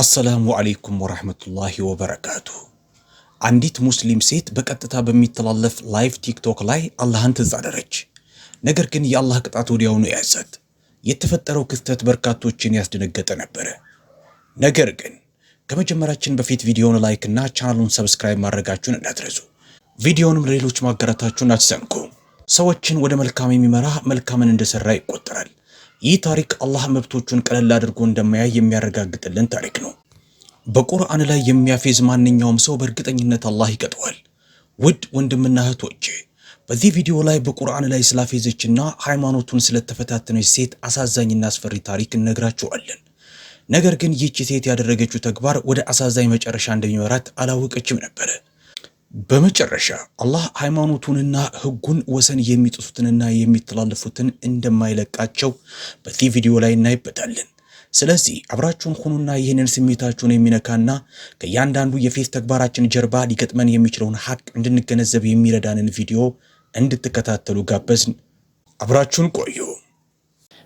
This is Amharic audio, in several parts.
አሰላሙ አሌይኩም ወረህመቱላሂ ወበረካቱ። አንዲት ሙስሊም ሴት በቀጥታ በሚተላለፍ ላይቭ ቲክቶክ ላይ አላህን ትዝ ነገር ግን የአላህ ቅጣት ወዲያውኑ ያዛት። የተፈጠረው ክስተት በርካቶችን ያስደነገጠ ነበረ። ነገር ግን ከመጀመራችን በፊት ቪዲዮውን ላይክ እና ቻናሉን ሰብስክራይብ ማድረጋችሁን እንዳትረሱ፣ ቪዲዮውንም ሌሎች ማጋራታችሁን አትዘንጉ። ሰዎችን ወደ መልካም የሚመራ መልካምን እንደሰራ ይቆጠራል። ይህ ታሪክ አላህ መብቶቹን ቀለል አድርጎ እንደማያይ የሚያረጋግጥልን ታሪክ ነው። በቁርአን ላይ የሚያፌዝ ማንኛውም ሰው በእርግጠኝነት አላህ ይቀጠዋል። ውድ ወንድምና እህቶቼ በዚህ ቪዲዮ ላይ በቁርአን ላይ ስላፌዘችና ሃይማኖቱን ስለተፈታተነች ሴት አሳዛኝና አስፈሪ ታሪክ እነግራችኋለን። ነገር ግን ይህች ሴት ያደረገችው ተግባር ወደ አሳዛኝ መጨረሻ እንደሚመራት አላወቀችም ነበረ። በመጨረሻ አላህ ሃይማኖቱንና ህጉን ወሰን የሚጥሱትንና የሚተላለፉትን እንደማይለቃቸው በዚህ ቪዲዮ ላይ እናይበታለን። ስለዚህ አብራችሁን ሁኑና ይህንን ስሜታችሁን የሚነካና ከእያንዳንዱ የፌስ ተግባራችን ጀርባ ሊገጥመን የሚችለውን ሀቅ እንድንገነዘብ የሚረዳንን ቪዲዮ እንድትከታተሉ ጋበዝን። አብራችሁን ቆዩ።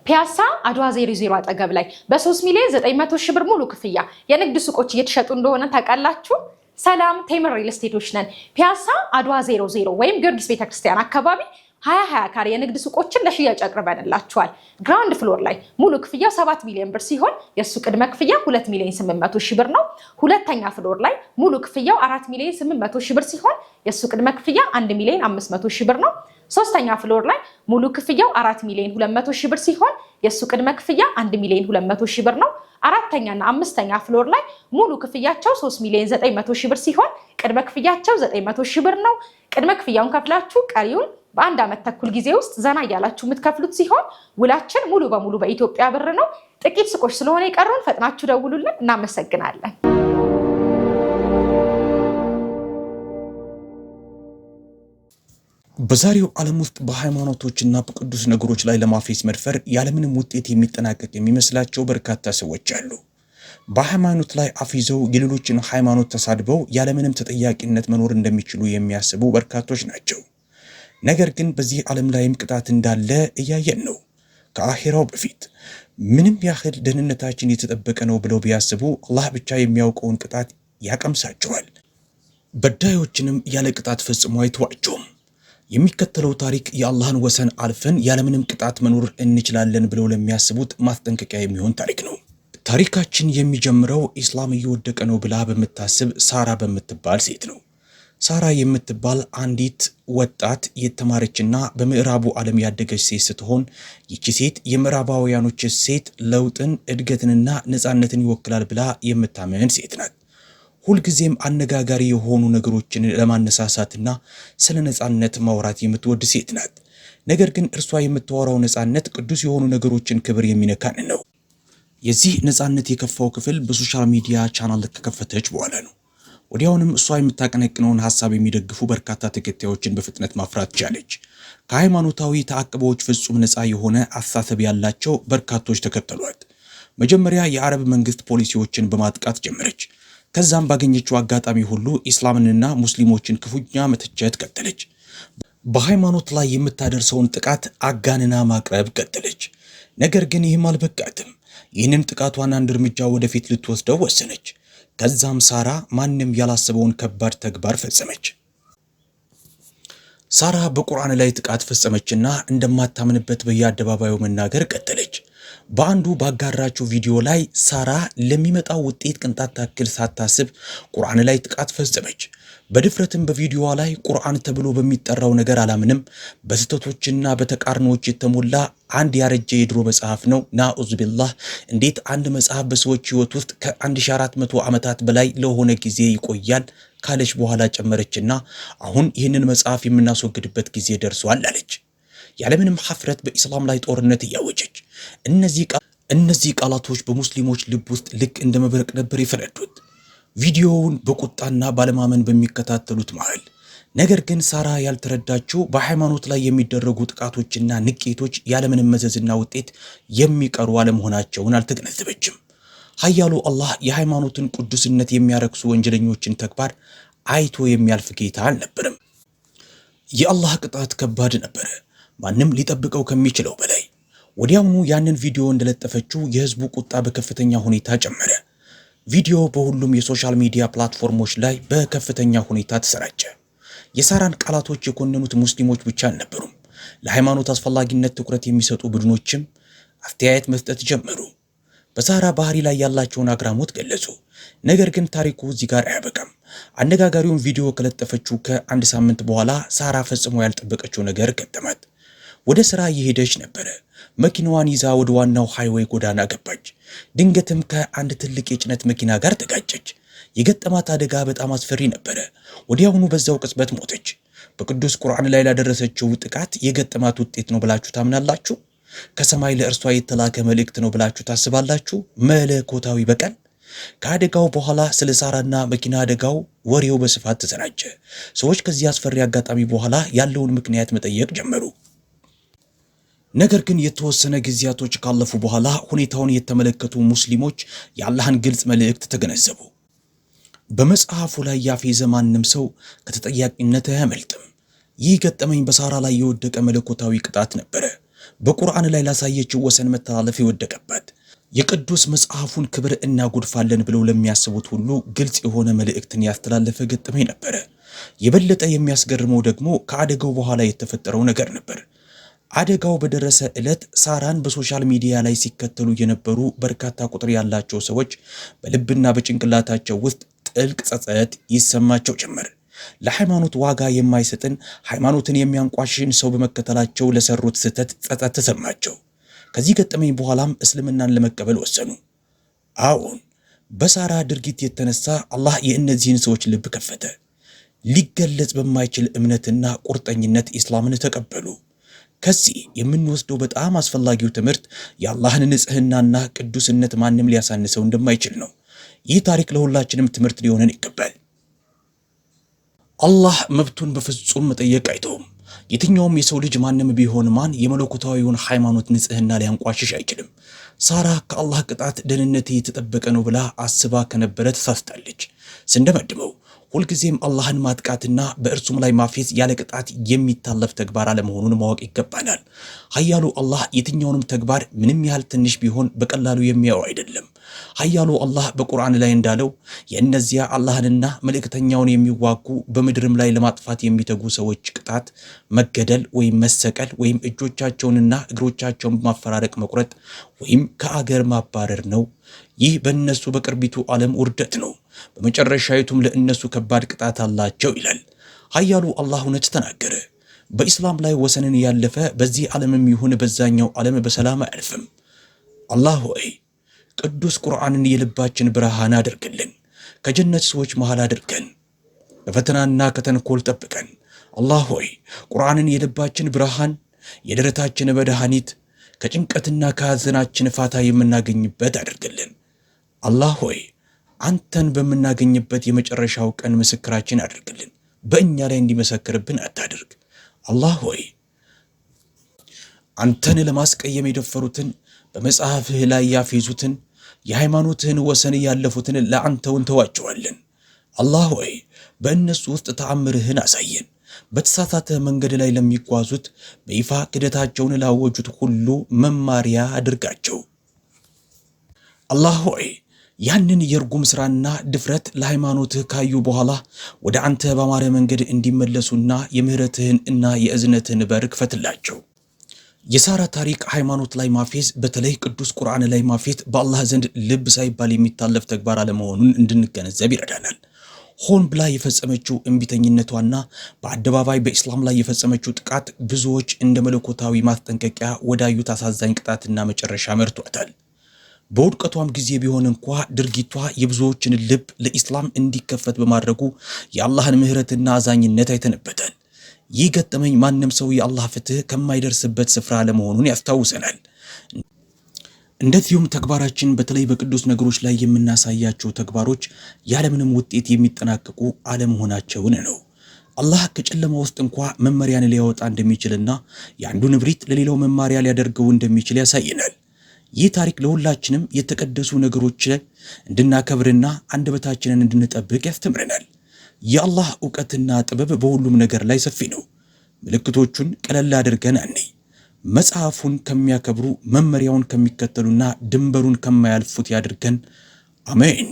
ፒያሳ አድዋ 00 አጠገብ ላይ በ3 ሚሊዮን 900 ሺህ ብር ሙሉ ክፍያ የንግድ ሱቆች እየተሸጡ እንደሆነ ታውቃላችሁ። ሰላም ቴምር ሪል ስቴቶች ነን። ፒያሳ አድዋ 00 ወይም ጊዮርጊስ ቤተክርስቲያን አካባቢ 2020 ካሬ የንግድ ሱቆችን ለሽያጭ አቅርበንላችኋል። ግራንድ ፍሎር ላይ ሙሉ ክፍያው 7 ሚሊዮን ብር ሲሆን የሱ ቅድመ ክፍያ 2 ሚሊዮን 800 ሺ ብር ነው። ሁለተኛ ፍሎር ላይ ሙሉ ክፍያው 4 ሚሊዮን 800 ሺ ብር ሲሆን የሱ ቅድመ ክፍያ 1 ሚሊዮን 500 ሺ ብር ነው። ሶስተኛ ፍሎር ላይ ሙሉ ክፍያው አራት ሚሊዮን ሁለት መቶ ሺህ ብር ሲሆን የእሱ ቅድመ ክፍያ አንድ ሚሊዮን ሁለት መቶ ሺህ ብር ነው። አራተኛና አምስተኛ ፍሎር ላይ ሙሉ ክፍያቸው ሶስት ሚሊዮን ዘጠኝ መቶ ሺህ ብር ሲሆን ቅድመ ክፍያቸው ዘጠኝ መቶ ሺህ ብር ነው። ቅድመ ክፍያውን ከፍላችሁ ቀሪውን በአንድ ዓመት ተኩል ጊዜ ውስጥ ዘና እያላችሁ የምትከፍሉት ሲሆን ውላችን ሙሉ በሙሉ በኢትዮጵያ ብር ነው። ጥቂት ሱቆች ስለሆነ የቀሩን ፈጥናችሁ ደውሉልን። እናመሰግናለን። በዛሬው ዓለም ውስጥ በሃይማኖቶችና በቅዱስ ነገሮች ላይ ለማፌስ መድፈር ያለምንም ውጤት የሚጠናቀቅ የሚመስላቸው በርካታ ሰዎች አሉ። በሃይማኖት ላይ አፊዘው የሌሎችን ሃይማኖት ተሳድበው ያለምንም ተጠያቂነት መኖር እንደሚችሉ የሚያስቡ በርካቶች ናቸው። ነገር ግን በዚህ ዓለም ላይም ቅጣት እንዳለ እያየን ነው። ከአሄራው በፊት ምንም ያህል ደህንነታችን የተጠበቀ ነው ብለው ቢያስቡ አላህ ብቻ የሚያውቀውን ቅጣት ያቀምሳቸዋል። በዳዮችንም ያለ ቅጣት ፈጽሞ አይተዋቸውም። የሚከተለው ታሪክ የአላህን ወሰን አልፈን ያለምንም ቅጣት መኖር እንችላለን ብለው ለሚያስቡት ማስጠንቀቂያ የሚሆን ታሪክ ነው። ታሪካችን የሚጀምረው ኢስላም እየወደቀ ነው ብላ በምታስብ ሳራ በምትባል ሴት ነው። ሳራ የምትባል አንዲት ወጣት የተማረችና በምዕራቡ ዓለም ያደገች ሴት ስትሆን ይቺ ሴት የምዕራባውያኖች ሴት ለውጥን፣ እድገትንና ነፃነትን ይወክላል ብላ የምታምን ሴት ናት። ሁልጊዜም አነጋጋሪ የሆኑ ነገሮችን ለማነሳሳትና ስለ ነፃነት ማውራት የምትወድ ሴት ናት። ነገር ግን እርሷ የምታወራው ነፃነት ቅዱስ የሆኑ ነገሮችን ክብር የሚነካን ነው። የዚህ ነፃነት የከፋው ክፍል በሶሻል ሚዲያ ቻናል ከከፈተች በኋላ ነው። ወዲያውንም እሷ የምታቀነቅነውን ሀሳብ የሚደግፉ በርካታ ተከታዮችን በፍጥነት ማፍራት ቻለች። ከሃይማኖታዊ ተአቅቦች ፍጹም ነፃ የሆነ አስተሳሰብ ያላቸው በርካቶች ተከተሏት። መጀመሪያ የአረብ መንግስት ፖሊሲዎችን በማጥቃት ጀመረች። ከዛም ባገኘችው አጋጣሚ ሁሉ ኢስላምንና ሙስሊሞችን ክፉኛ መተቸት ቀጠለች። በሃይማኖት ላይ የምታደርሰውን ጥቃት አጋንና ማቅረብ ቀጠለች። ነገር ግን ይህም አልበቃትም። ይህንን ጥቃቷን አንድ እርምጃ ወደፊት ልትወስደው ወሰነች። ከዛም ሳራ ማንም ያላሰበውን ከባድ ተግባር ፈጸመች። ሳራ በቁርአን ላይ ጥቃት ፈጸመችና እንደማታምንበት በየአደባባዩ መናገር ቀጠለች። በአንዱ ባጋራቸው ቪዲዮ ላይ ሳራ ለሚመጣው ውጤት ቅንጣት ታክል ሳታስብ ቁርአን ላይ ጥቃት ፈጸመች። በድፍረትም በቪዲዮዋ ላይ ቁርአን ተብሎ በሚጠራው ነገር አላምንም፣ በስህተቶችና በተቃርኖዎች የተሞላ አንድ ያረጀ የድሮ መጽሐፍ ነው። ናኡዝ ቢላህ እንዴት አንድ መጽሐፍ በሰዎች ህይወት ውስጥ ከ1400 ዓመታት በላይ ለሆነ ጊዜ ይቆያል ካለች በኋላ ጨመረችና አሁን ይህንን መጽሐፍ የምናስወግድበት ጊዜ ደርሷል አለች። ያለምንም ሐፍረት በኢስላም ላይ ጦርነት እያወጀች እነዚህ እነዚህ ቃላቶች በሙስሊሞች ልብ ውስጥ ልክ እንደ መብረቅ ነበር የፈነዱት። ቪዲዮውን በቁጣና ባለማመን በሚከታተሉት መሃል ነገር ግን ሳራ ያልተረዳችው በሃይማኖት ላይ የሚደረጉ ጥቃቶችና ንቄቶች ያለምንም መዘዝና ውጤት የሚቀሩ አለመሆናቸውን አልተገነዘበችም። ኃያሉ አላህ የሃይማኖትን ቅዱስነት የሚያረክሱ ወንጀለኞችን ተግባር አይቶ የሚያልፍ ጌታ አልነበረም። የአላህ ቅጣት ከባድ ነበረ። ማንም ሊጠብቀው ከሚችለው በላይ ወዲያውኑ ያንን ቪዲዮ እንደለጠፈችው የህዝቡ ቁጣ በከፍተኛ ሁኔታ ጨመረ። ቪዲዮ በሁሉም የሶሻል ሚዲያ ፕላትፎርሞች ላይ በከፍተኛ ሁኔታ ተሰራጨ። የሳራን ቃላቶች የኮነኑት ሙስሊሞች ብቻ አልነበሩም። ለሃይማኖት አስፈላጊነት ትኩረት የሚሰጡ ቡድኖችም አስተያየት መስጠት ጀመሩ። በሳራ ባህሪ ላይ ያላቸውን አግራሞት ገለጹ። ነገር ግን ታሪኩ እዚህ ጋር አያበቃም። አነጋጋሪውን ቪዲዮ ከለጠፈችው ከአንድ ሳምንት በኋላ ሳራ ፈጽሞ ያልጠበቀችው ነገር ገጠማት። ወደ ስራ እየሄደች ነበረ። መኪናዋን ይዛ ወደ ዋናው ሃይዌይ ጎዳና ገባች። ድንገትም ከአንድ ትልቅ የጭነት መኪና ጋር ተጋጨች። የገጠማት አደጋ በጣም አስፈሪ ነበረ። ወዲያውኑ በዛው ቅጽበት ሞተች። በቅዱስ ቁርአን ላይ ላደረሰችው ጥቃት የገጠማት ውጤት ነው ብላችሁ ታምናላችሁ? ከሰማይ ለእርሷ የተላከ መልእክት ነው ብላችሁ ታስባላችሁ? መለኮታዊ በቀል ከአደጋው በኋላ ስለ ሳራና መኪና አደጋው ወሬው በስፋት ተሰራጨ። ሰዎች ከዚህ አስፈሪ አጋጣሚ በኋላ ያለውን ምክንያት መጠየቅ ጀመሩ። ነገር ግን የተወሰነ ጊዜያቶች ካለፉ በኋላ ሁኔታውን የተመለከቱ ሙስሊሞች የአላህን ግልጽ መልእክት ተገነዘቡ። በመጽሐፉ ላይ ያፌዘ ማንም ሰው ከተጠያቂነት አያመልጥም። ይህ ገጠመኝ በሳራ ላይ የወደቀ መለኮታዊ ቅጣት ነበረ። በቁርአን ላይ ላሳየችው ወሰን መተላለፍ የወደቀበት የቅዱስ መጽሐፉን ክብር እናጎድፋለን ብለው ለሚያስቡት ሁሉ ግልጽ የሆነ መልእክትን ያስተላለፈ ገጠመኝ ነበረ። የበለጠ የሚያስገርመው ደግሞ ከአደጋው በኋላ የተፈጠረው ነገር ነበር። አደጋው በደረሰ ዕለት ሳራን በሶሻል ሚዲያ ላይ ሲከተሉ የነበሩ በርካታ ቁጥር ያላቸው ሰዎች በልብና በጭንቅላታቸው ውስጥ ጥልቅ ጸጸት ይሰማቸው ጀመር። ለሃይማኖት ዋጋ የማይሰጥን ሃይማኖትን የሚያንቋሽን ሰው በመከተላቸው ለሰሩት ስህተት ጸጸት ተሰማቸው። ከዚህ ገጠመኝ በኋላም እስልምናን ለመቀበል ወሰኑ። አዎን፣ በሳራ ድርጊት የተነሳ አላህ የእነዚህን ሰዎች ልብ ከፈተ። ሊገለጽ በማይችል እምነትና ቁርጠኝነት ኢስላምን ተቀበሉ። ከዚህ የምንወስደው በጣም አስፈላጊው ትምህርት የአላህን ንጽህናና ቅዱስነት ማንም ሊያሳንሰው እንደማይችል ነው። ይህ ታሪክ ለሁላችንም ትምህርት ሊሆነን ይገባል። አላህ መብቱን በፍጹም መጠየቅ አይተውም። የትኛውም የሰው ልጅ ማንም ቢሆን ማን የመለኮታዊውን ሃይማኖት ንጽህና ሊያንቋሽሽ አይችልም። ሳራ ከአላህ ቅጣት ደህንነት የተጠበቀ ነው ብላ አስባ ከነበረ ተሳስታለች። ስንደመድመው ሁልጊዜም አላህን ማጥቃትና በእርሱም ላይ ማፌዝ ያለ ቅጣት የሚታለፍ ተግባር አለመሆኑን ማወቅ ይገባናል። ሀያሉ አላህ የትኛውንም ተግባር ምንም ያህል ትንሽ ቢሆን በቀላሉ የሚያው አይደለም። ሀያሉ አላህ በቁርአን ላይ እንዳለው የእነዚያ አላህንና መልእክተኛውን የሚዋጉ በምድርም ላይ ለማጥፋት የሚተጉ ሰዎች ቅጣት መገደል ወይም መሰቀል ወይም እጆቻቸውንና እግሮቻቸውን በማፈራረቅ መቁረጥ ወይም ከአገር ማባረር ነው። ይህ በእነሱ በቅርቢቱ ዓለም ውርደት ነው። በመጨረሻዊቱም ለእነሱ ከባድ ቅጣት አላቸው ይላል። ኃያሉ አላህ እውነት ተናገረ። በኢስላም ላይ ወሰንን ያለፈ በዚህ ዓለምም ይሁን በዛኛው ዓለም በሰላም አያልፍም። አላህ ሆይ ቅዱስ ቁርአንን የልባችን ብርሃን አድርግልን፣ ከጀነት ሰዎች መሃል አድርገን፣ ከፈተናና ከተንኮል ጠብቀን። አላህ ሆይ ቁርአንን የልባችን ብርሃን፣ የደረታችን መድኃኒት፣ ከጭንቀትና ከሐዘናችን ፋታ የምናገኝበት አድርግልን። አላህ ሆይ አንተን በምናገኝበት የመጨረሻው ቀን ምስክራችን አድርግልን። በእኛ ላይ እንዲመሰክርብን አታድርግ። አላህ ሆይ አንተን ለማስቀየም የደፈሩትን በመጽሐፍህ ላይ ያፌዙትን የሃይማኖትህን ወሰን ያለፉትን ለአንተውን ተዋቸዋለን። አላህ ሆይ በእነሱ ውስጥ ተአምርህን አሳየን። በተሳሳተ መንገድ ላይ ለሚጓዙት በይፋ ክደታቸውን ላወጁት ሁሉ መማሪያ አድርጋቸው። አላህ ሆይ ያንን የርጉም ስራና ድፍረት ለሃይማኖትህ ካዩ በኋላ ወደ አንተ በማረ መንገድ እንዲመለሱና የምህረትህን እና የእዝነትህን በር ክፈትላቸው። የሳራ ታሪክ ሃይማኖት ላይ ማፌዝ፣ በተለይ ቅዱስ ቁርአን ላይ ማፌዝ በአላህ ዘንድ ልብ ሳይባል የሚታለፍ ተግባር አለመሆኑን እንድንገነዘብ ይረዳናል። ሆን ብላ የፈጸመችው እምቢተኝነቷና በአደባባይ በኢስላም ላይ የፈጸመችው ጥቃት ብዙዎች እንደ መለኮታዊ ማስጠንቀቂያ ወዳዩት አሳዛኝ ቅጣትና መጨረሻ መርቷታል። በውድቀቷም ጊዜ ቢሆን እንኳ ድርጊቷ የብዙዎችን ልብ ለኢስላም እንዲከፈት በማድረጉ የአላህን ምህረትና አዛኝነት አይተንበታል። ይህ ገጠመኝ ማንም ሰው የአላህ ፍትህ ከማይደርስበት ስፍራ ለመሆኑን ያስታውሰናል። እንደዚሁም ተግባራችን በተለይ በቅዱስ ነገሮች ላይ የምናሳያቸው ተግባሮች ያለምንም ውጤት የሚጠናቀቁ አለመሆናቸውን ነው። አላህ ከጨለማ ውስጥ እንኳ መመሪያን ሊያወጣ እንደሚችልና የአንዱን እብሪት ለሌላው መማሪያ ሊያደርገው እንደሚችል ያሳየናል። ይህ ታሪክ ለሁላችንም የተቀደሱ ነገሮች እንድናከብርና አንደበታችንን እንድንጠብቅ ያስተምረናል። የአላህ እውቀትና ጥበብ በሁሉም ነገር ላይ ሰፊ ነው። ምልክቶቹን ቀለል አድርገን አኔ መጽሐፉን ከሚያከብሩ መመሪያውን ከሚከተሉና ድንበሩን ከማያልፉት ያድርገን። አሜን።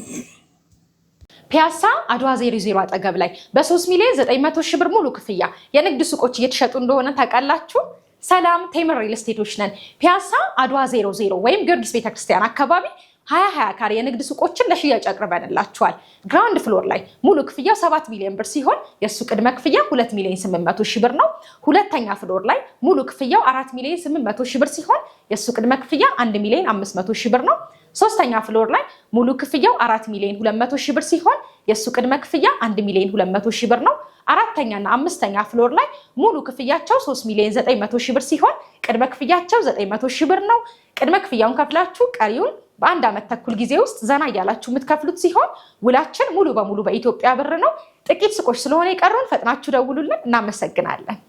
ፒያሳ አድዋ 00 አጠገብ ላይ በ3 ሚሊዮን 900 ሺህ ብር ሙሉ ክፍያ የንግድ ሱቆች እየተሸጡ እንደሆነ ታውቃላችሁ። ሰላም ቴምር ሪል ስቴቶች ነን። ፒያሳ አድዋ 00 ወይም ጊዮርጊስ ቤተክርስቲያን አካባቢ 2020 ሀያ ካሬ የንግድ ሱቆችን ለሽያጭ አቅርበንላችኋል። ግራውንድ ፍሎር ላይ ሙሉ ክፍያው ሰባት ሚሊዮን ብር ሲሆን የእሱ ቅድመ ክፍያ 2 ሚሊዮን 800 ሺህ ብር ነው። ሁለተኛ ፍሎር ላይ ሙሉ ክፍያው 4 ሚሊዮን 800 ሺህ ብር ሲሆን የእሱ ቅድመ ክፍያ 1 ሚሊዮን 500 ሺህ ብር ነው። ሶስተኛ ፍሎር ላይ ሙሉ ክፍያው 4 ሚሊዮን 200 ሺህ ብር ሲሆን የእሱ ቅድመ ክፍያ 1 ሚሊዮን 200 ሺህ ብር ነው። አራተኛና አምስተኛ ፍሎር ላይ ሙሉ ክፍያቸው 3 ሚሊዮን 900 ሺህ ብር ሲሆን ቅድመ ክፍያቸው 900 ሺህ ብር ነው። ቅድመ ክፍያውን ከፍላችሁ ቀሪውን በአንድ ዓመት ተኩል ጊዜ ውስጥ ዘና ያላችሁ የምትከፍሉት ሲሆን ውላችን ሙሉ በሙሉ በኢትዮጵያ ብር ነው። ጥቂት ሱቆች ስለሆነ የቀረውን ፈጥናችሁ ደውሉልን። እናመሰግናለን።